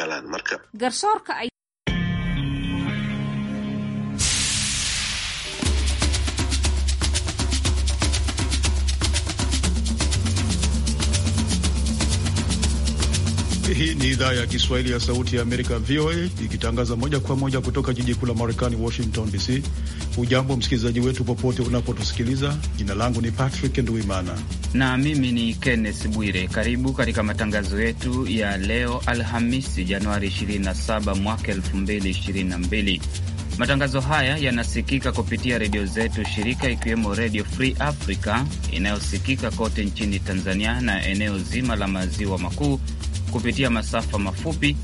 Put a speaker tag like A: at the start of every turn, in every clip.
A: helaan marka
B: Hii ni idhaa ya Kiswahili ya Sauti ya Amerika, VOA, ikitangaza moja kwa moja kutoka jiji kuu la Marekani, Washington DC. Hujambo msikilizaji wetu popote unapotusikiliza. Jina langu ni Patrick Nduimana
C: na mimi ni Kenneth Bwire. Karibu katika matangazo yetu ya leo Alhamisi, Januari 27 mwaka 2022. Matangazo haya yanasikika kupitia redio zetu shirika ikiwemo Redio Free Africa inayosikika kote nchini Tanzania na eneo zima la maziwa makuu kupitia masafa mafupi,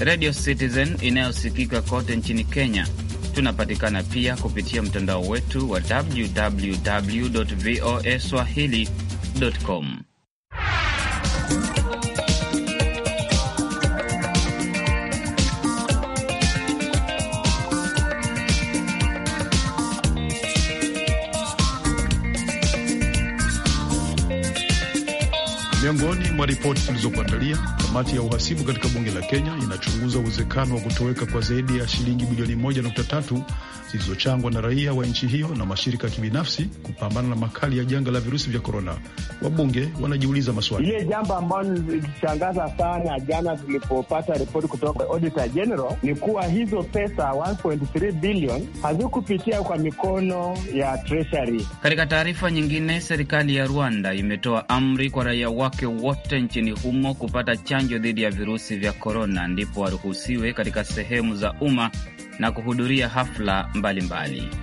C: Radio Citizen inayosikika kote nchini Kenya. Tunapatikana pia kupitia mtandao wetu wa www voa swahili com.
B: Miongoni kama ripoti zilizokuandalia, kamati ya uhasibu katika bunge la Kenya inachunguza uwezekano wa kutoweka kwa zaidi ya shilingi bilioni 1.3 zilizochangwa na raia wa nchi hiyo na mashirika ya kibinafsi kupambana na makali ya janga la virusi vya korona. Wabunge wanajiuliza maswali.
D: Ile jambo ambalo lilishangaza sana jana tulipopata ripoti kutoka Auditor General ni kuwa hizo pesa 1.3 billion hazikupitia kwa mikono ya Treasury.
C: Katika taarifa nyingine, serikali ya Rwanda imetoa amri kwa raia wake wote kote nchini humo kupata chanjo dhidi ya virusi vya korona, ndipo waruhusiwe katika sehemu za umma na kuhudhuria hafla mbalimbali mbali.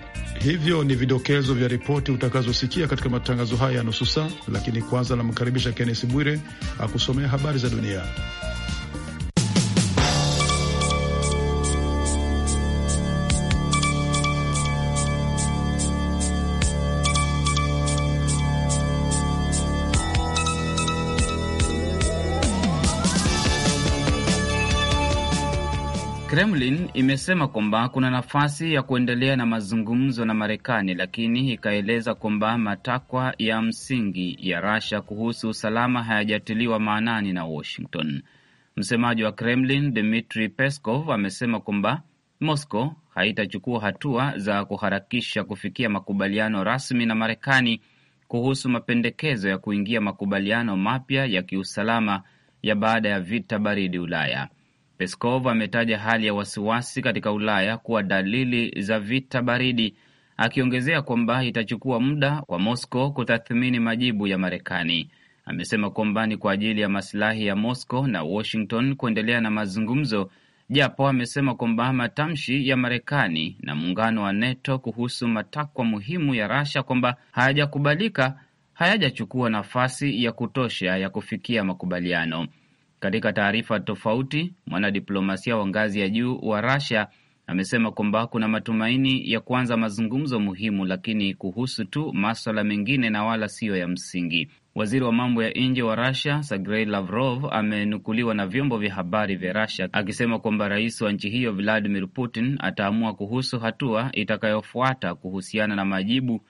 B: Hivyo ni vidokezo vya ripoti utakazosikia katika matangazo haya ya nusu saa, lakini kwanza namkaribisha Kenesi Bwire akusomea habari za dunia.
C: Kremlin imesema kwamba kuna nafasi ya kuendelea na mazungumzo na Marekani, lakini ikaeleza kwamba matakwa ya msingi ya Russia kuhusu usalama hayajatiliwa maanani na Washington. Msemaji wa Kremlin Dmitri Peskov amesema kwamba Moscow haitachukua hatua za kuharakisha kufikia makubaliano rasmi na Marekani kuhusu mapendekezo ya kuingia makubaliano mapya ya kiusalama ya baada ya vita baridi Ulaya. Peskov ametaja hali ya wasiwasi katika Ulaya kuwa dalili za vita baridi, akiongezea kwamba itachukua muda kwa Moscow kutathmini majibu ya Marekani. Amesema kwamba ni kwa ajili ya masilahi ya Moscow na Washington kuendelea na mazungumzo, japo amesema kwamba matamshi ya Marekani na muungano wa NATO kuhusu matakwa muhimu ya Rasha kwamba hayajakubalika hayajachukua nafasi ya kutosha ya kufikia makubaliano. Katika taarifa tofauti, mwanadiplomasia wa ngazi ya juu wa Russia amesema kwamba kuna matumaini ya kuanza mazungumzo muhimu, lakini kuhusu tu maswala mengine na wala siyo ya msingi. Waziri wa mambo ya nje wa Russia Sergei Lavrov amenukuliwa na vyombo vya habari vya Russia akisema kwamba rais wa nchi hiyo Vladimir Putin ataamua kuhusu hatua itakayofuata kuhusiana na majibu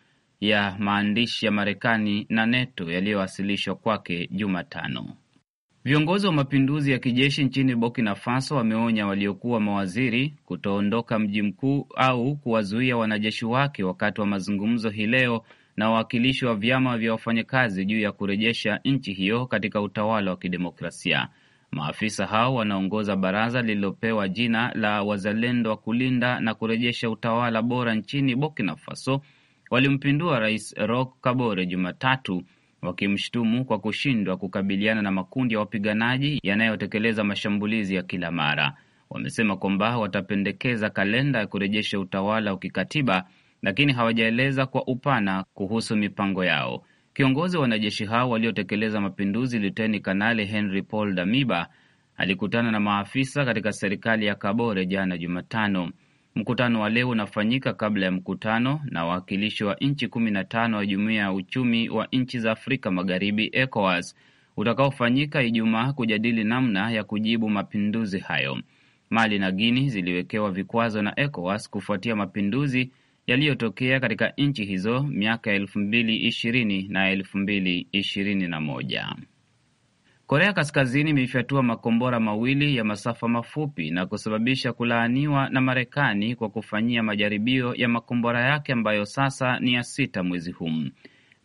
C: ya maandishi ya Marekani na NATO yaliyowasilishwa kwake Jumatano. Viongozi wa mapinduzi ya kijeshi nchini Burkina Faso wameonya waliokuwa mawaziri kutoondoka mji mkuu au kuwazuia wanajeshi wake wakati wa mazungumzo hii leo na wawakilishi wa vyama vya wafanyakazi juu ya kurejesha nchi hiyo katika utawala wa kidemokrasia. Maafisa hao wanaongoza baraza lililopewa jina la Wazalendo wa kulinda na kurejesha utawala bora nchini Burkina Faso walimpindua Rais Roch Kabore Jumatatu wakimshutumu kwa kushindwa kukabiliana na makundi ya wapiganaji yanayotekeleza mashambulizi ya kila mara. Wamesema kwamba watapendekeza kalenda ya kurejesha utawala wa kikatiba, lakini hawajaeleza kwa upana kuhusu mipango yao. Kiongozi wa wanajeshi hao waliotekeleza mapinduzi, Luteni Kanali Henry Paul Damiba alikutana na maafisa katika serikali ya Kabore jana Jumatano. Mkutano wa leo unafanyika kabla ya mkutano na wawakilishi wa nchi kumi na tano wa Jumuiya ya Uchumi wa Nchi za Afrika Magharibi ECOWAS utakaofanyika Ijumaa kujadili namna ya kujibu mapinduzi hayo. Mali na Guini ziliwekewa vikwazo na ECOWAS kufuatia mapinduzi yaliyotokea katika nchi hizo miaka elfu mbili ishirini na elfu mbili ishirini na moja. Korea Kaskazini imefyatua makombora mawili ya masafa mafupi na kusababisha kulaaniwa na Marekani kwa kufanyia majaribio ya makombora yake ambayo sasa ni ya sita mwezi huu.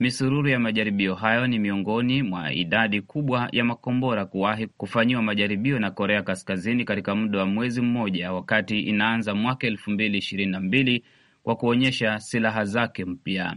C: Misururu ya majaribio hayo ni miongoni mwa idadi kubwa ya makombora kuwahi kufanyiwa majaribio na Korea Kaskazini katika muda wa mwezi mmoja, wakati inaanza mwaka elfu mbili ishirini na mbili kwa kuonyesha silaha zake mpya.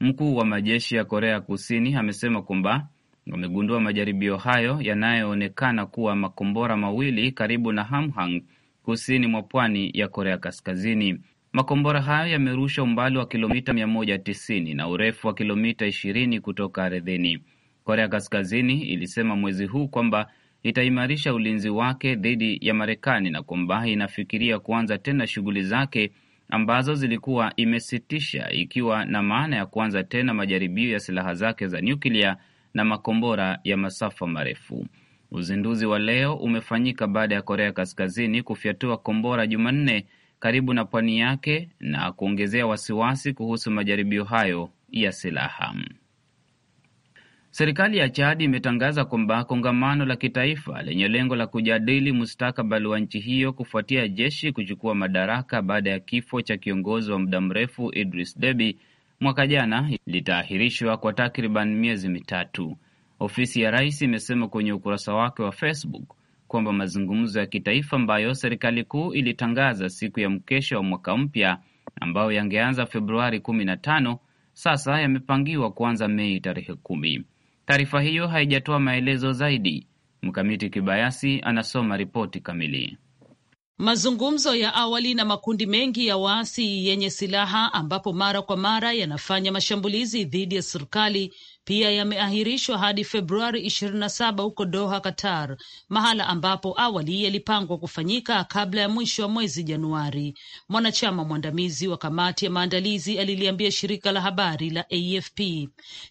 C: Mkuu wa majeshi ya Korea Kusini amesema kwamba wamegundua majaribio hayo yanayoonekana kuwa makombora mawili karibu na Hamhang kusini mwa pwani ya Korea Kaskazini. Makombora hayo yamerusha umbali wa kilomita 190 na urefu wa kilomita 20 kutoka ardhini. Korea Kaskazini ilisema mwezi huu kwamba itaimarisha ulinzi wake dhidi ya Marekani na kwamba inafikiria kuanza tena shughuli zake ambazo zilikuwa imesitisha, ikiwa na maana ya kuanza tena majaribio ya silaha zake za nyuklia na makombora ya masafa marefu. Uzinduzi wa leo umefanyika baada ya Korea Kaskazini kufyatua kombora Jumanne karibu na pwani yake na kuongezea wasiwasi kuhusu majaribio hayo ya silaha. Serikali ya Chadi imetangaza kwamba kongamano la kitaifa lenye lengo la kujadili mustakabali wa nchi hiyo kufuatia jeshi kuchukua madaraka baada ya kifo cha kiongozi wa muda mrefu Idris Deby mwaka jana litaahirishwa kwa takriban miezi mitatu. Ofisi ya rais imesema kwenye ukurasa wake wa Facebook kwamba mazungumzo ya kitaifa ambayo serikali kuu ilitangaza siku ya mkesha wa mwaka mpya ambayo yangeanza Februari 15 sasa yamepangiwa kuanza Mei tarehe kumi. Taarifa hiyo haijatoa maelezo zaidi. Mkamiti Kibayasi anasoma ripoti kamili.
E: Mazungumzo ya awali na makundi mengi ya waasi yenye silaha ambapo mara kwa mara yanafanya mashambulizi dhidi ya serikali pia yameahirishwa hadi Februari 27 huko Doha, Qatar, mahala ambapo awali yalipangwa kufanyika kabla ya mwisho wa mwezi Januari. Mwanachama mwandamizi wa kamati ya maandalizi aliliambia shirika la habari la AFP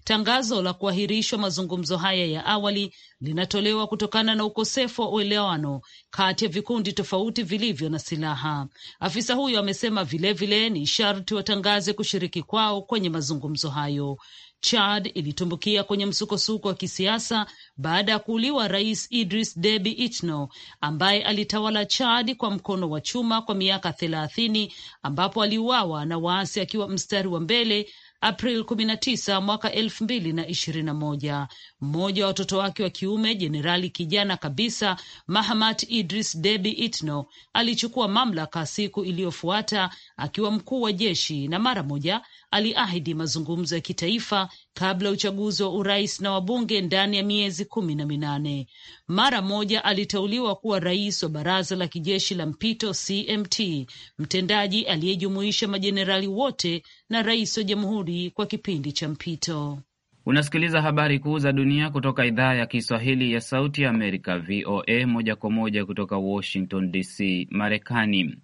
E: tangazo la kuahirishwa mazungumzo haya ya awali linatolewa kutokana na ukosefu wa uelewano kati ya vikundi tofauti vilivyo na silaha. Afisa huyo amesema vilevile ni sharti watangaze kushiriki kwao kwenye mazungumzo hayo. Chad ilitumbukia kwenye msukosuko wa kisiasa baada ya kuuliwa Rais Idris Deby Itno ambaye alitawala Chad kwa mkono wa chuma kwa miaka thelathini ambapo aliuawa na waasi akiwa mstari wa mbele April 19 mwaka 2021. Mmoja wa watoto wake wa kiume, jenerali kijana kabisa Mahamat Idris Deby Itno, alichukua mamlaka siku iliyofuata akiwa mkuu wa jeshi na mara moja aliahidi mazungumzo ya kitaifa kabla ya uchaguzi wa urais na wabunge ndani ya miezi kumi na minane. Mara moja aliteuliwa kuwa rais wa baraza la kijeshi la mpito CMT, mtendaji aliyejumuisha majenerali wote na rais wa jamhuri kwa kipindi cha mpito.
C: Unasikiliza habari kuu za dunia kutoka idhaa ya Kiswahili ya Sauti ya Amerika, VOA, moja kwa moja kutoka Washington DC, Marekani.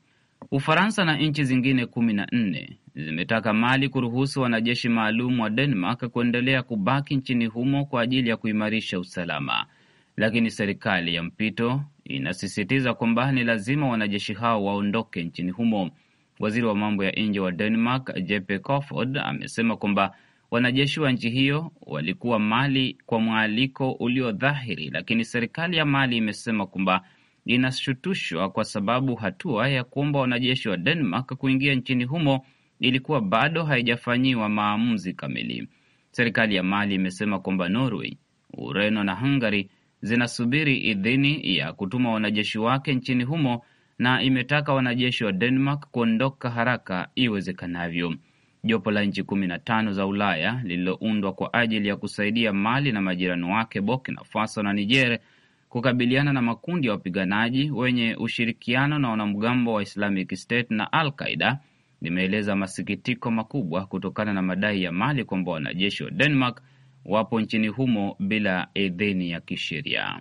C: Ufaransa na nchi zingine kumi na nne zimetaka Mali kuruhusu wanajeshi maalum wa Denmark kuendelea kubaki nchini humo kwa ajili ya kuimarisha usalama, lakini serikali ya mpito inasisitiza kwamba ni lazima wanajeshi hao waondoke nchini humo. Waziri wa mambo ya nje wa Denmark Jeppe Kofod amesema kwamba wanajeshi wa nchi hiyo walikuwa Mali kwa mwaliko ulio dhahiri, lakini serikali ya Mali imesema kwamba inashutushwa kwa sababu hatua ya kuomba wanajeshi wa Denmark kuingia nchini humo ilikuwa bado haijafanyiwa maamuzi kamili. Serikali ya Mali imesema kwamba Norway, Ureno na Hungary zinasubiri idhini ya kutuma wanajeshi wake nchini humo na imetaka wanajeshi wa Denmark kuondoka haraka iwezekanavyo. Jopo la nchi kumi na tano za Ulaya lililoundwa kwa ajili ya kusaidia Mali na majirani wake Burkina Faso na Niger kukabiliana na makundi ya wapiganaji wenye ushirikiano na wanamgambo wa Islamic State na Al Qaida limeeleza masikitiko makubwa kutokana na madai ya Mali kwamba wanajeshi wa Denmark wapo nchini humo bila idhini ya kisheria.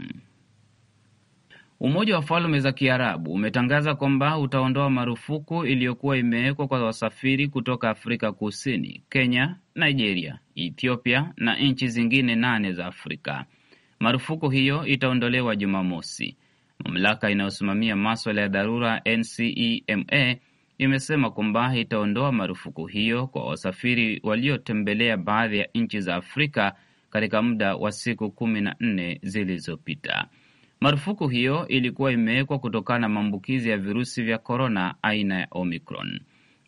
C: Umoja wa Falme za Kiarabu umetangaza kwamba utaondoa marufuku iliyokuwa imewekwa kwa wasafiri kutoka Afrika Kusini, Kenya, Nigeria, Ethiopia na nchi zingine nane za Afrika. Marufuku hiyo itaondolewa Jumamosi. Mamlaka inayosimamia maswala ya dharura NCEMA imesema kwamba itaondoa marufuku hiyo kwa wasafiri waliotembelea baadhi ya nchi za Afrika katika muda wa siku kumi na nne zilizopita. Marufuku hiyo ilikuwa imewekwa kutokana na maambukizi ya virusi vya korona aina ya Omicron.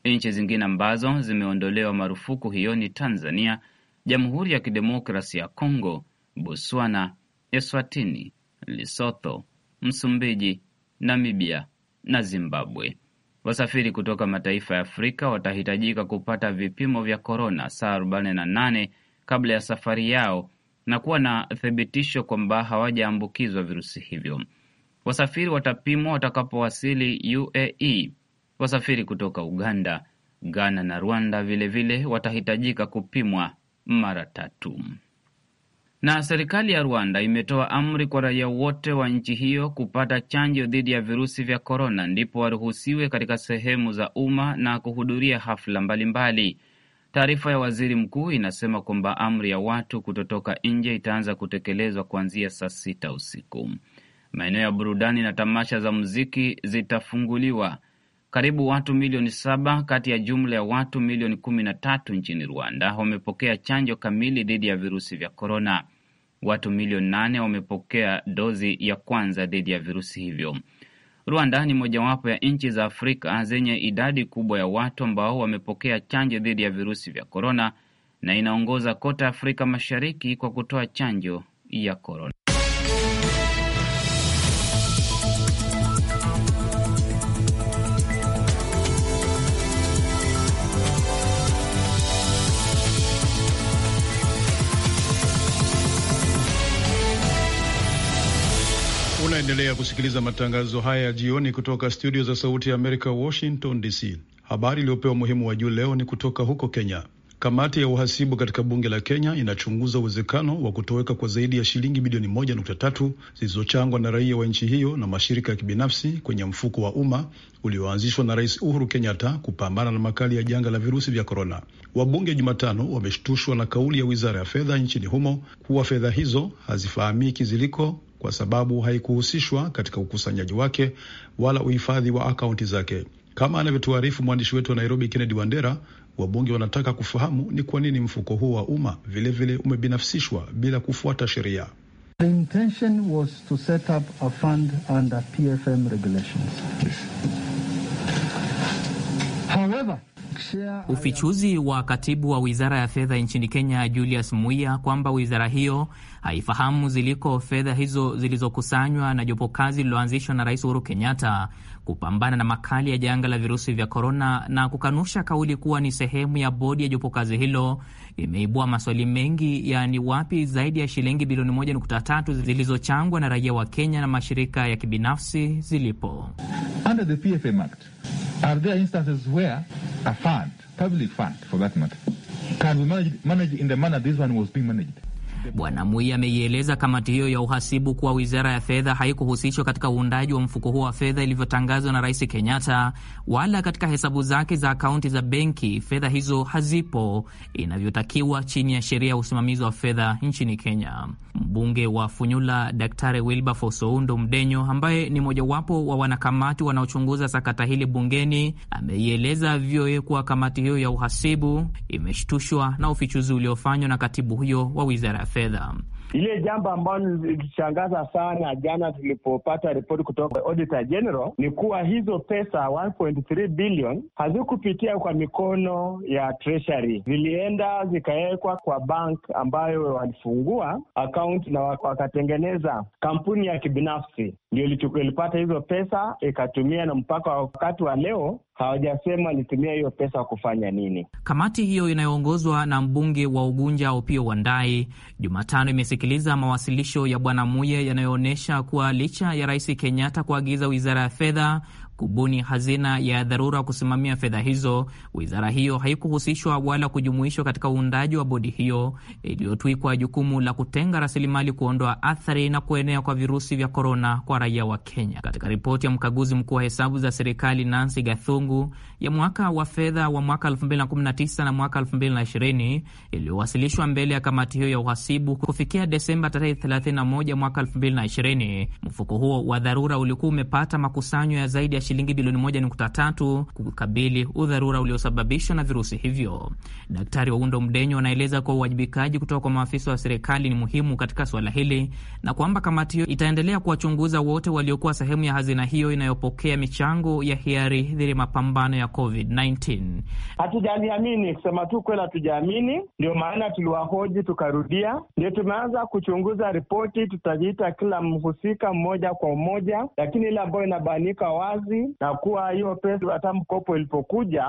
C: Nchi zingine ambazo zimeondolewa marufuku hiyo ni Tanzania, Jamhuri ya Kidemokrasi ya Kongo, Botswana, Eswatini, Lesotho, Msumbiji, Namibia na Zimbabwe. Wasafiri kutoka mataifa ya Afrika watahitajika kupata vipimo vya korona saa 48 kabla ya safari yao na kuwa na thibitisho kwamba hawajaambukizwa virusi hivyo. Wasafiri watapimwa watakapowasili UAE. Wasafiri kutoka Uganda, Ghana na Rwanda vilevile vile watahitajika kupimwa mara tatu. Na serikali ya Rwanda imetoa amri kwa raia wote wa nchi hiyo kupata chanjo dhidi ya virusi vya korona, ndipo waruhusiwe katika sehemu za umma na kuhudhuria hafla mbalimbali. Taarifa ya waziri mkuu inasema kwamba amri ya watu kutotoka nje itaanza kutekelezwa kuanzia saa sita usiku. Maeneo ya burudani na tamasha za muziki zitafunguliwa. Karibu watu milioni saba kati ya jumla ya watu milioni kumi na tatu nchini Rwanda wamepokea chanjo kamili dhidi ya virusi vya korona. Watu milioni nane wamepokea dozi ya kwanza dhidi ya virusi hivyo. Rwanda ni mojawapo ya nchi za Afrika zenye idadi kubwa ya watu ambao wamepokea chanjo dhidi ya virusi vya korona na inaongoza kote Afrika Mashariki kwa kutoa chanjo ya korona.
B: Unaendelea kusikiliza matangazo haya ya jioni kutoka studio za Sauti ya Amerika, Washington DC. Habari iliyopewa umuhimu wa juu leo ni kutoka huko Kenya. Kamati ya uhasibu katika bunge la Kenya inachunguza uwezekano wa kutoweka kwa zaidi ya shilingi bilioni moja nukta tatu zilizochangwa na raia wa nchi hiyo na mashirika ya kibinafsi kwenye mfuko wa umma ulioanzishwa na Rais Uhuru Kenyatta kupambana na makali ya janga la virusi vya korona. Wabunge Jumatano wameshtushwa na kauli ya wizara ya fedha nchini humo kuwa fedha hizo hazifahamiki ziliko kwa sababu haikuhusishwa katika ukusanyaji wake wala uhifadhi wa akaunti zake. Kama anavyotuarifu mwandishi wetu wa Nairobi, Kennedy Wandera, wabunge wanataka kufahamu ni kwa nini mfuko huo wa umma vilevile umebinafsishwa bila kufuata sheria.
D: The intention was to set up a fund under PFM regulations.
B: However,
F: Ufichuzi wa katibu wa wizara ya fedha nchini Kenya Julius Muia kwamba wizara hiyo haifahamu ziliko fedha hizo zilizokusanywa na jopo kazi lililoanzishwa na Rais Uhuru Kenyatta kupambana na makali ya janga la virusi vya korona, na kukanusha kauli kuwa ni sehemu ya bodi ya jopo kazi hilo imeibua maswali mengi ya ni wapi zaidi ya shilingi bilioni 1.3 zilizochangwa na raia wa Kenya na mashirika ya kibinafsi
A: zilipo. Under the PFM Act, are there instances where a fund, public fund for that matter, can be managed, managed in the manner this one was being managed? Bwana
F: Mui ameieleza kamati hiyo ya uhasibu kuwa wizara ya fedha haikuhusishwa katika uundaji wa mfuko huo wa fedha ilivyotangazwa na Rais Kenyatta, wala katika hesabu zake za akaunti za benki. Fedha hizo hazipo inavyotakiwa chini ya sheria ya usimamizi wa fedha nchini Kenya. Mbunge wa Funyula Daktari Wilberforce Oundo Mdenyo, ambaye ni mojawapo wa wanakamati wanaochunguza sakata hili bungeni, ameieleza VOA kuwa kamati hiyo ya uhasibu imeshtushwa na ufichuzi uliofanywa na katibu huyo wa wizara fedha.
D: Ile jambo ambalo lilishangaza sana jana tulipopata ripoti kutoka Auditor General ni kuwa hizo pesa 1.3 billion hazikupitia kwa mikono ya Treasury, zilienda zikawekwa kwa bank ambayo walifungua akaunti na wakatengeneza kampuni ya kibinafsi, ndio ilipata hizo pesa ikatumia, na mpaka wakati wa leo hawajasema alitumia hiyo pesa kufanya nini.
F: Kamati hiyo inayoongozwa na mbunge wa Ugunja wa ndai Jumatano imesikiliza mawasilisho ya Bwana Muye yanayoonyesha kuwa licha ya Rais Kenyatta kuagiza wizara ya fedha kubuni hazina ya dharura kusimamia fedha hizo, wizara hiyo haikuhusishwa wala kujumuishwa katika uundaji wa bodi hiyo iliyotwikwa jukumu la kutenga rasilimali kuondoa athari na kuenea kwa virusi vya korona kwa raia wa Kenya. Katika ripoti ya mkaguzi mkuu wa hesabu za serikali Nancy Gathungu ya mwaka wa fedha wa mwaka 2019 na mwaka 2020 iliyowasilishwa mbele ya kamati hiyo ya uhasibu kufikia Desemba tarehe 31 mwaka 2020, mfuko huo wa dharura ulikuwa umepata makusanyo ya zaidi ya shilingi bilioni moja nukta tatu kukabili udharura uliosababishwa na virusi hivyo. Daktari Waundo Mdenyo anaeleza kuwa uwajibikaji kutoka kwa maafisa wa serikali ni muhimu katika suala hili na kwamba kamati hiyo itaendelea kuwachunguza wote waliokuwa sehemu ya hazina hiyo inayopokea michango ya hiari dhiri mapambano ya COVID-19.
D: Hatujaliamini, kusema tu kweli, hatujaamini. Ndio maana tuliwahoji tukarudia, ndio tumeanza kuchunguza ripoti. Tutajiita kila mhusika mmoja kwa mmoja, lakini ile ambayo inabanika wazi na kuwa hiyo pesa hata mkopo ilipokuja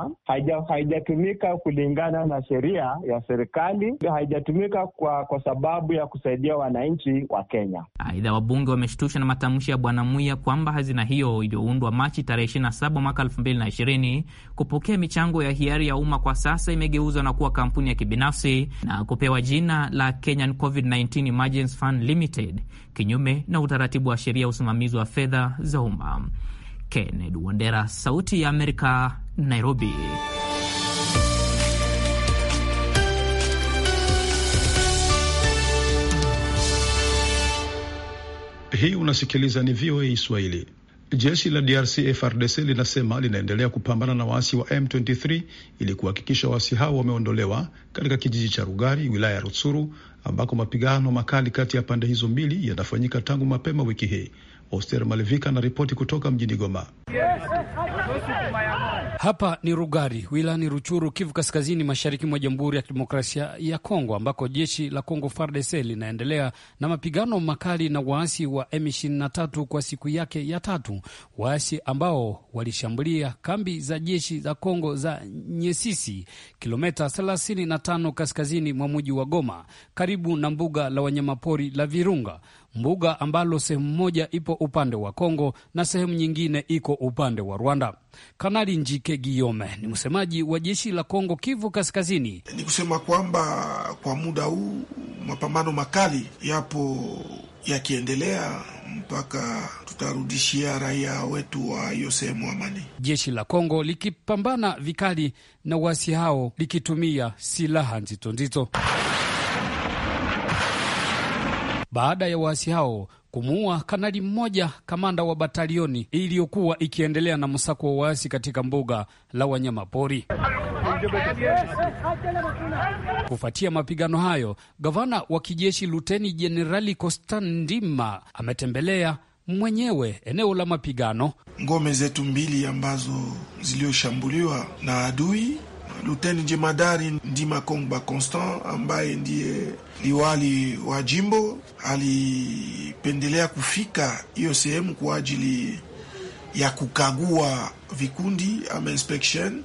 D: haijatumika kulingana na sheria ya serikali, haijatumika kwa, kwa sababu ya kusaidia wananchi wa Kenya.
F: Aidha, wabunge wameshtusha na matamshi ya Bwana Mwia kwamba hazina hiyo iliyoundwa Machi tarehe 27 mwaka 2020 kupokea michango ya hiari ya umma kwa sasa imegeuzwa na kuwa kampuni ya kibinafsi na kupewa jina la Kenyan COVID-19 Emergency Fund Limited, kinyume na utaratibu wa sheria ya usimamizi wa fedha za umma. Kennedy Wandera, Sauti ya Amerika, Nairobi.
B: Hii unasikiliza ni VOA Swahili. Jeshi la DRC FRDC linasema linaendelea kupambana na waasi wa M23 ili kuhakikisha waasi hao wameondolewa katika kijiji cha Rugari, wilaya ya Rutsuru, ambako mapigano makali kati ya pande hizo mbili yanafanyika tangu mapema wiki hii. Oster Malivika anaripoti kutoka mjini Goma. Hapa ni Rugari wilani Ruchuru, Kivu
G: Kaskazini, mashariki mwa Jamhuri ya Kidemokrasia ya Kongo, ambako jeshi la Kongo FARDC linaendelea na mapigano makali na waasi wa M23 kwa siku yake ya tatu, waasi ambao walishambulia kambi za jeshi za Kongo za Nyesisi, kilomita 35 kaskazini mwa mji wa Goma, karibu na mbuga la wanyamapori la Virunga mbuga ambalo sehemu moja ipo upande wa Kongo na sehemu nyingine iko upande wa Rwanda. Kanali Njike Giome ni msemaji wa jeshi la Kongo
B: Kivu Kaskazini. Ni kusema kwamba kwa muda huu mapambano makali yapo yakiendelea mpaka tutarudishia raia wetu wa hiyo sehemu amani.
G: Jeshi la Kongo likipambana vikali na waasi hao likitumia silaha nzito nzito baada ya waasi hao kumuua kanali mmoja, kamanda wa batalioni iliyokuwa ikiendelea na msako wa waasi katika mbuga la wanyama pori Kufuatia mapigano hayo, gavana wa kijeshi Luteni Jenerali Kostan Ndima ametembelea mwenyewe eneo la mapigano,
B: ngome zetu mbili ambazo ziliyoshambuliwa na adui. Luteni Jemadari Ndima Kongba Constant ambaye ndiye liwali wa jimbo alipendelea kufika hiyo sehemu kwa ajili ya kukagua vikundi ama inspection,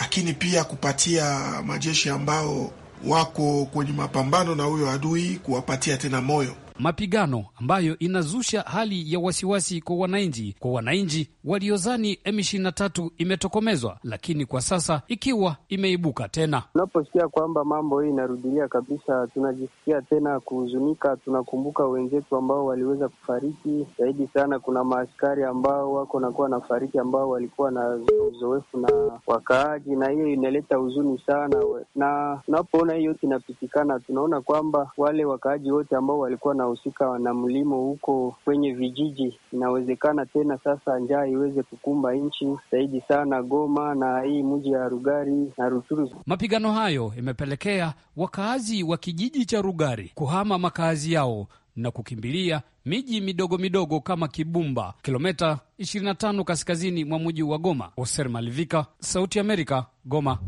B: lakini pia kupatia majeshi ambao wako kwenye mapambano na huyo adui, kuwapatia
G: tena moyo mapigano ambayo inazusha hali ya wasiwasi kwa wananchi kwa wananchi waliozani M23 imetokomezwa, lakini kwa sasa ikiwa imeibuka tena.
D: Tunaposikia kwamba mambo hii inarudilia kabisa, tunajisikia tena kuhuzunika. Tunakumbuka wenzetu ambao waliweza kufariki zaidi sana. Kuna maaskari ambao wako nakuwa na fariki ambao walikuwa na uzoefu na wakaaji, na hiyo inaleta huzuni sana Na tunapoona hiyo yote inapitikana, tunaona kwamba wale wakaaji wote ambao walikuwa na wanahusika na mlimo huko kwenye vijiji. Inawezekana tena sasa njaa iweze kukumba nchi zaidi sana Goma na hii mji ya Rugari na Rutshuru.
G: Mapigano hayo yamepelekea wakaazi wa kijiji cha Rugari kuhama makaazi yao na kukimbilia miji midogo midogo kama Kibumba, kilomita 25 kaskazini mwa mji wa Goma. Oser Malivika, Sauti Amerika, Goma.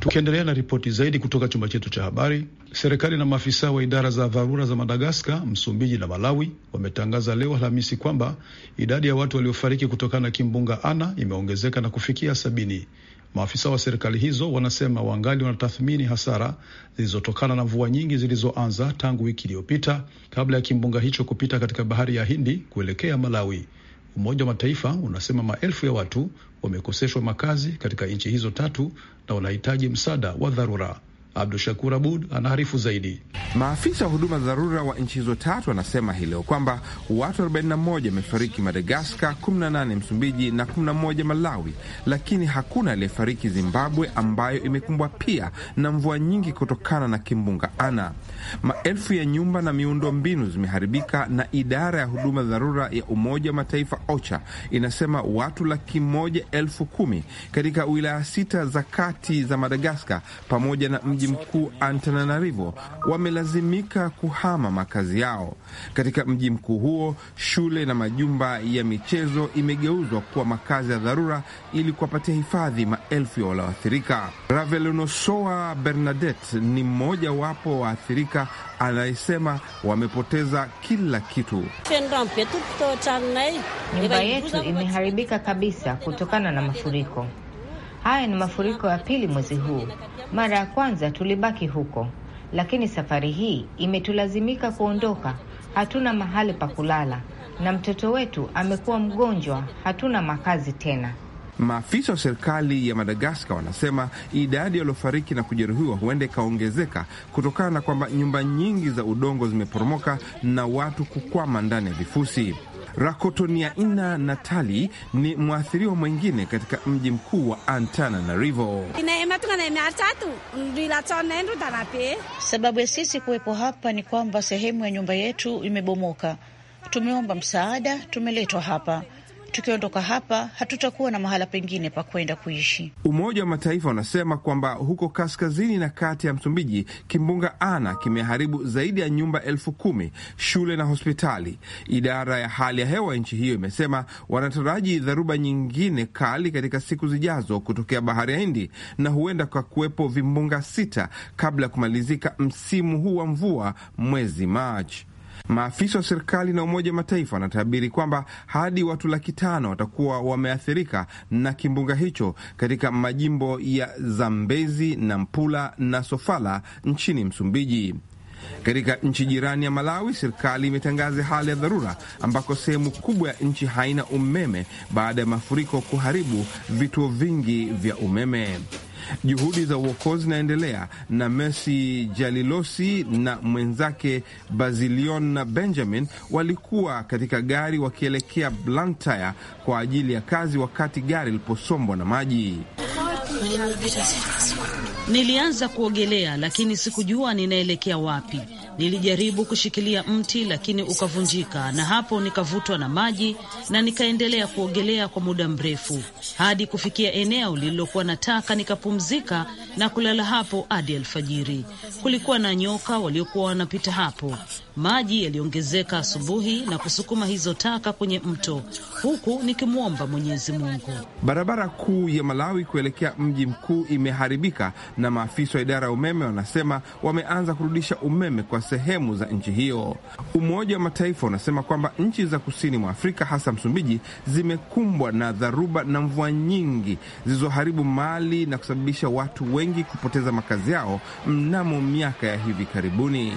B: Tukiendelea na ripoti zaidi kutoka chumba chetu cha habari, serikali na maafisa wa idara za dharura za Madagaskar, Msumbiji na Malawi wametangaza leo Alhamisi kwamba idadi ya watu waliofariki kutokana na kimbunga Ana imeongezeka na kufikia sabini. Maafisa wa serikali hizo wanasema wangali wanatathmini hasara zilizotokana na mvua nyingi zilizoanza tangu wiki iliyopita kabla ya kimbunga hicho kupita katika bahari ya Hindi kuelekea Malawi. Umoja wa Mataifa unasema maelfu ya watu wamekoseshwa makazi katika nchi hizo tatu na wanahitaji msaada wa dharura. Abdu Shakur
A: Abud anaarifu zaidi. Maafisa wa huduma za dharura wa nchi hizo tatu wanasema hii leo kwamba watu 41 wamefariki Madagaskar, 18 Msumbiji na 11 Malawi, lakini hakuna aliyefariki Zimbabwe, ambayo imekumbwa pia na mvua nyingi kutokana na kimbunga Ana. Maelfu ya nyumba na miundo mbinu zimeharibika, na idara ya huduma za dharura ya Umoja wa Mataifa OCHA inasema watu laki moja elfu kumi katika wilaya sita za kati za Madagaskar pamoja na mji mkuu Antananarivo wamelazimika kuhama makazi yao. Katika mji mkuu huo, shule na majumba ya michezo imegeuzwa kuwa makazi ya dharura ili kuwapatia hifadhi maelfu ya walioathirika. Ravelonosoa bernadet ni mmoja wapo waathirika anayesema wamepoteza kila kitu.
E: Nyumba yetu
H: imeharibika kabisa kutokana na mafuriko. Haya ni mafuriko ya pili mwezi huu mara ya kwanza tulibaki huko, lakini safari hii imetulazimika kuondoka. Hatuna mahali pa kulala na mtoto wetu amekuwa mgonjwa, hatuna makazi tena.
A: Maafisa wa serikali ya Madagaskar wanasema idadi waliofariki na kujeruhiwa huenda ikaongezeka kutokana na kwamba nyumba nyingi za udongo zimeporomoka na watu kukwama ndani ya vifusi. Rakotonia Ina Natali ni mwathiriwa mwingine katika mji mkuu wa Antananarivo.
H: Sababu ya sisi kuwepo hapa ni kwamba sehemu ya nyumba yetu imebomoka. Tumeomba msaada, tumeletwa hapa tukiondoka hapa hatutakuwa na mahala pengine
E: pa kwenda kuishi.
A: Umoja wa Mataifa unasema kwamba huko kaskazini na kati ya Msumbiji, kimbunga Ana kimeharibu zaidi ya nyumba elfu kumi, shule na hospitali. Idara ya hali ya hewa nchi hiyo imesema wanataraji dharuba nyingine kali katika siku zijazo kutokea bahari ya Hindi, na huenda kwa kuwepo vimbunga sita kabla ya kumalizika msimu huu wa mvua mwezi Machi. Maafisa wa serikali na Umoja Mataifa wanatabiri kwamba hadi watu laki tano watakuwa wameathirika na kimbunga hicho katika majimbo ya Zambezi na Mpula na Sofala nchini Msumbiji. Katika nchi jirani ya Malawi, serikali imetangaza hali ya dharura ambako sehemu kubwa ya nchi haina umeme baada ya mafuriko kuharibu vituo vingi vya umeme. Juhudi za uokozi zinaendelea na mesi Jalilosi na mwenzake Bazilion na Benjamin walikuwa katika gari wakielekea Blantyre kwa ajili ya kazi wakati gari liliposombwa na maji
E: Nilianza kuogelea lakini sikujua ninaelekea wapi. Nilijaribu kushikilia mti lakini ukavunjika, na hapo nikavutwa na maji na nikaendelea kuogelea kwa muda mrefu hadi kufikia eneo lililokuwa na taka. Nikapumzika na kulala hapo hadi alfajiri. Kulikuwa na nyoka waliokuwa wanapita hapo. Maji yaliongezeka asubuhi na kusukuma hizo taka kwenye mto, huku nikimwomba Mwenyezi Mungu.
A: Barabara kuu ya Malawi kuelekea mji mkuu imeharibika, na maafisa wa idara ya umeme wanasema wameanza kurudisha umeme kwa sehemu za nchi hiyo. Umoja wa Mataifa unasema kwamba nchi za kusini mwa Afrika, hasa Msumbiji, zimekumbwa na dharuba na mvua nyingi zilizoharibu mali na kusababisha watu wengi kupoteza makazi yao mnamo miaka ya hivi karibuni.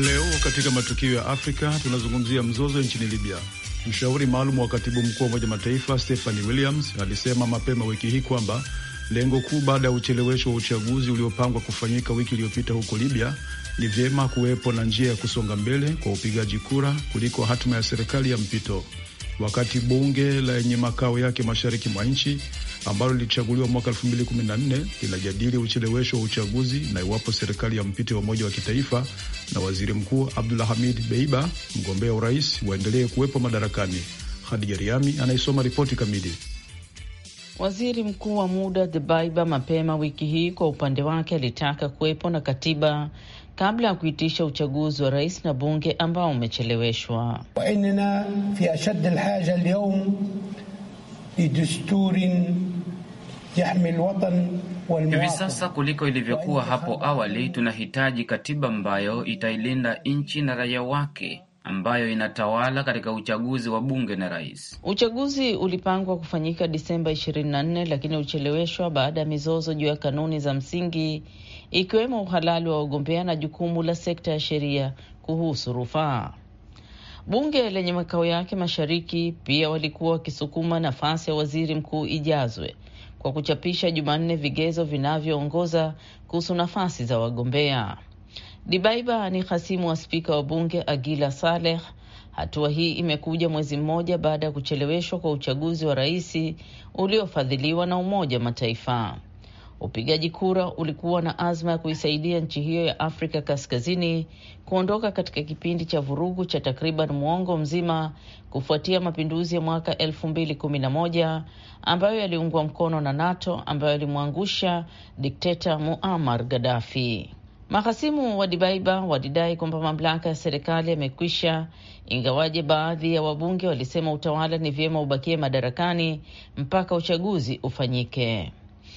B: Leo katika matukio ya Afrika tunazungumzia mzozo nchini Libya. Mshauri maalum wa katibu mkuu wa Umoja Mataifa Stephanie Williams alisema mapema wiki hii kwamba lengo kuu baada ya uchelewesho wa uchaguzi uliopangwa kufanyika wiki iliyopita huko Libya ni vyema kuwepo na njia ya kusonga mbele kwa upigaji kura kuliko hatima ya serikali ya mpito wakati bunge lenye makao yake mashariki mwa nchi ambalo lilichaguliwa mwaka 2014 linajadili uchelewesho wa uchaguzi na iwapo serikali ya mpito ya umoja wa kitaifa na waziri mkuu abdul hamid Beiba, mgombea urais, waendelee kuwepo madarakani. Hadija Riami anaisoma ripoti kamili.
H: Waziri mkuu wa muda Debaiba mapema wiki hii kwa upande wake alitaka kuwepo na katiba kabla ya kuitisha uchaguzi wa rais na bunge ambao umecheleweshwa.
G: wainna fi alhaja alyawm lidusturin
B: Hivi
C: sasa kuliko ilivyokuwa hapo awali, tunahitaji katiba ambayo itailinda nchi na raia wake ambayo inatawala katika uchaguzi wa bunge na rais.
H: Uchaguzi ulipangwa kufanyika Disemba 24 lakini ucheleweshwa baada ya mizozo juu ya kanuni za msingi ikiwemo uhalali wa wagombea na jukumu la sekta ya sheria kuhusu rufaa. Bunge lenye makao yake mashariki pia walikuwa wakisukuma nafasi ya waziri mkuu ijazwe kwa kuchapisha Jumanne vigezo vinavyoongoza kuhusu nafasi za wagombea. Dibaiba ni hasimu wa spika wa bunge Agila Saleh. Hatua hii imekuja mwezi mmoja baada ya kucheleweshwa kwa uchaguzi wa rais uliofadhiliwa na Umoja wa Mataifa. Upigaji kura ulikuwa na azma ya kuisaidia nchi hiyo ya Afrika Kaskazini kuondoka katika kipindi cha vurugu cha takriban muongo mzima kufuatia mapinduzi ya mwaka 2011 ambayo yaliungwa mkono na NATO ambayo yalimwangusha dikteta Muammar Gaddafi. Mahasimu wa Dibaiba walidai kwamba mamlaka ya serikali yamekwisha, ingawaje baadhi ya wabunge walisema utawala ni vyema ubakie madarakani mpaka uchaguzi ufanyike.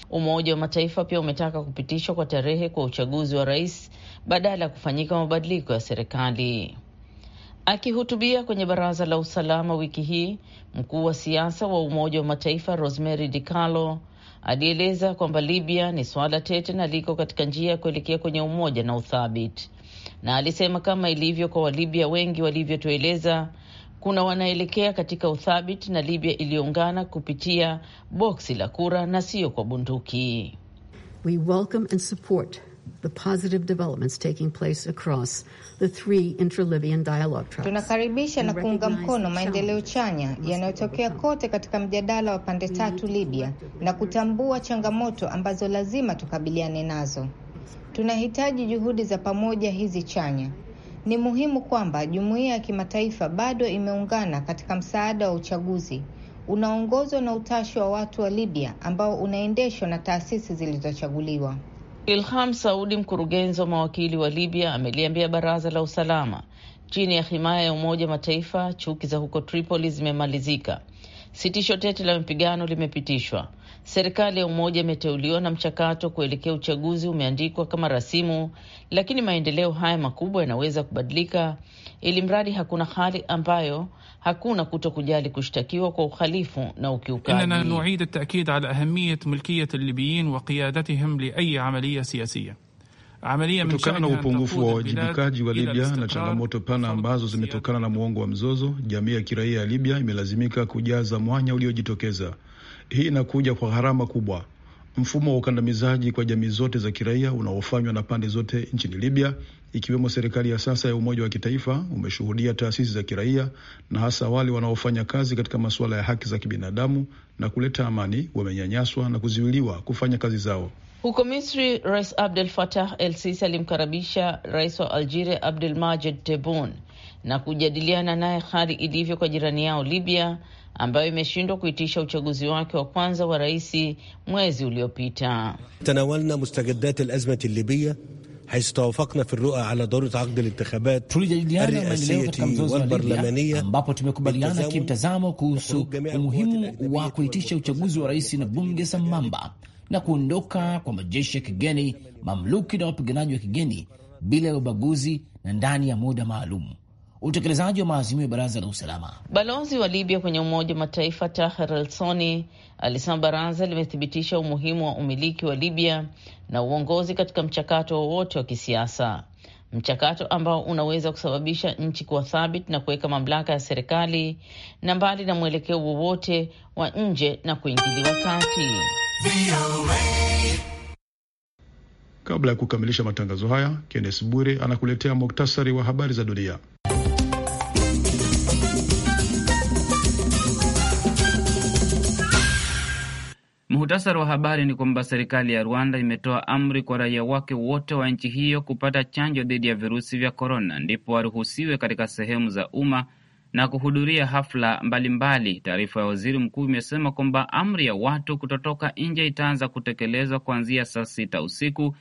H: Umoja wa Mataifa pia umetaka kupitishwa kwa tarehe kwa uchaguzi wa rais badala ya kufanyika mabadiliko ya serikali. Akihutubia kwenye Baraza la Usalama wiki hii, mkuu wa siasa wa Umoja wa Mataifa Rosemary DiCarlo alieleza kwamba Libya ni suala tete na liko katika njia ya kuelekea kwenye umoja na uthabiti, na alisema kama ilivyo kwa Walibya wengi walivyotueleza, kuna wanaelekea katika uthabiti na Libya iliyoungana kupitia boksi la kura na siyo kwa
E: bunduki. We welcome and support The positive developments taking place across the three intra dialogue tracks.
H: Tunakaribisha na kuunga mkono maendeleo chanya yanayotokea kote katika mjadala wa pande tatu Libya na kutambua changamoto ambazo lazima tukabiliane nazo. Tunahitaji juhudi za pamoja hizi chanya. Ni muhimu kwamba jumuiya ya kimataifa bado imeungana katika msaada wa uchaguzi unaongozwa na utashi wa watu wa Libya ambao unaendeshwa na taasisi zilizochaguliwa. Ilham Saudi, mkurugenzi wa mawakili wa Libya, ameliambia baraza la usalama chini ya himaya ya Umoja Mataifa chuki za huko Tripoli zimemalizika. Sitisho tete la mapigano limepitishwa, serikali ya umoja imeteuliwa na mchakato kuelekea uchaguzi umeandikwa kama rasimu, lakini maendeleo haya makubwa yanaweza kubadilika, ili mradi hakuna hali ambayo hakuna kujali kushtakiwa kwa uhalifu na ukiukaji. inna
A: nuid altakid ala ahamiyat mulkiyat wa qiyadatihim amaliya siyasiya Kutokana na upungufu wa wajibikaji wa Libya na changamoto
B: pana ambazo zimetokana na muongo wa mzozo, jamii ya kiraia ya Libya imelazimika kujaza mwanya uliojitokeza. Hii inakuja kwa gharama kubwa. Mfumo wa ukandamizaji kwa jamii zote za kiraia unaofanywa na pande zote nchini Libya ikiwemo serikali ya sasa ya umoja wa kitaifa umeshuhudia taasisi za kiraia na hasa wale wanaofanya kazi katika masuala ya haki za kibinadamu na kuleta amani wamenyanyaswa na kuzuiliwa kufanya kazi zao.
H: Huko Misri, Rais Abdel Fattah El Sisi alimkaribisha rais wa Algeria Abdel Majid Tebboune na kujadiliana naye hali ilivyo kwa jirani yao Libya ambayo imeshindwa kuitisha uchaguzi wake wa kwanza wa raisi mwezi
D: uliopita. tanawalna haistawafakna fi rua ala darurat aqd lintikabat. Tulijadiliana maendeleo katika mzozo wa ambapo tumekubaliana kimtazamo kuhusu umuhimu wa kuitisha uchaguzi wa rais na bunge sambamba
C: na kuondoka kwa majeshi ya kigeni mamluki na wapiganaji wa kigeni bila ya ubaguzi na ndani ya muda maalum utekelezaji wa maazimio ya baraza la usalama.
H: Balozi wa Libya kwenye Umoja wa Mataifa Taher El alisema baraza limethibitisha umuhimu wa umiliki wa Libya na uongozi katika mchakato wowote wa kisiasa, mchakato ambao unaweza kusababisha nchi kuwa thabiti na kuweka mamlaka ya serikali na mbali na mwelekeo wowote wa nje na kuingiliwa kati.
B: Kabla ya kukamilisha matangazo haya, Kennes Bwire anakuletea muktasari wa habari za dunia. Muhtasari wa habari ni
C: kwamba serikali ya Rwanda imetoa amri kwa raia wake wote wa nchi hiyo kupata chanjo dhidi ya virusi vya korona, ndipo waruhusiwe katika sehemu za umma na kuhudhuria hafla mbalimbali. Taarifa ya waziri mkuu imesema kwamba amri ya watu kutotoka nje itaanza kutekelezwa kuanzia saa sita usiku.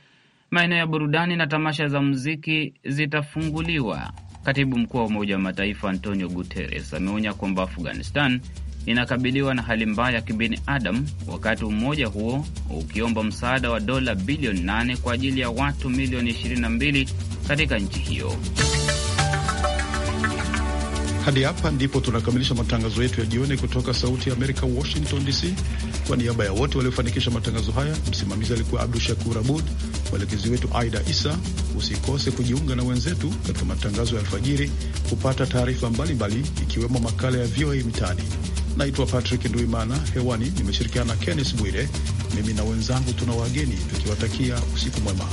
C: Maeneo ya burudani na tamasha za muziki zitafunguliwa. Katibu mkuu wa Umoja wa Mataifa Antonio Guterres ameonya kwamba Afghanistan inakabiliwa na hali mbaya ya kibinadamu, wakati umoja huo ukiomba msaada wa dola bilioni 8 kwa ajili ya watu milioni 22 katika
B: nchi hiyo. Hadi hapa ndipo tunakamilisha matangazo yetu ya jioni kutoka Sauti ya Amerika, Washington DC. Kwa niaba ya wote waliofanikisha matangazo haya, msimamizi alikuwa Abdu Shakur Abud, mwelekezi wetu Aida Isa. Usikose kujiunga na wenzetu katika matangazo ya alfajiri kupata taarifa mbalimbali, ikiwemo makala ya VOA Mitaani. Naitwa Patrick Nduimana, hewani nimeshirikiana na Kennes Bwire. Mimi na wenzangu tuna wageni tukiwatakia usiku mwema.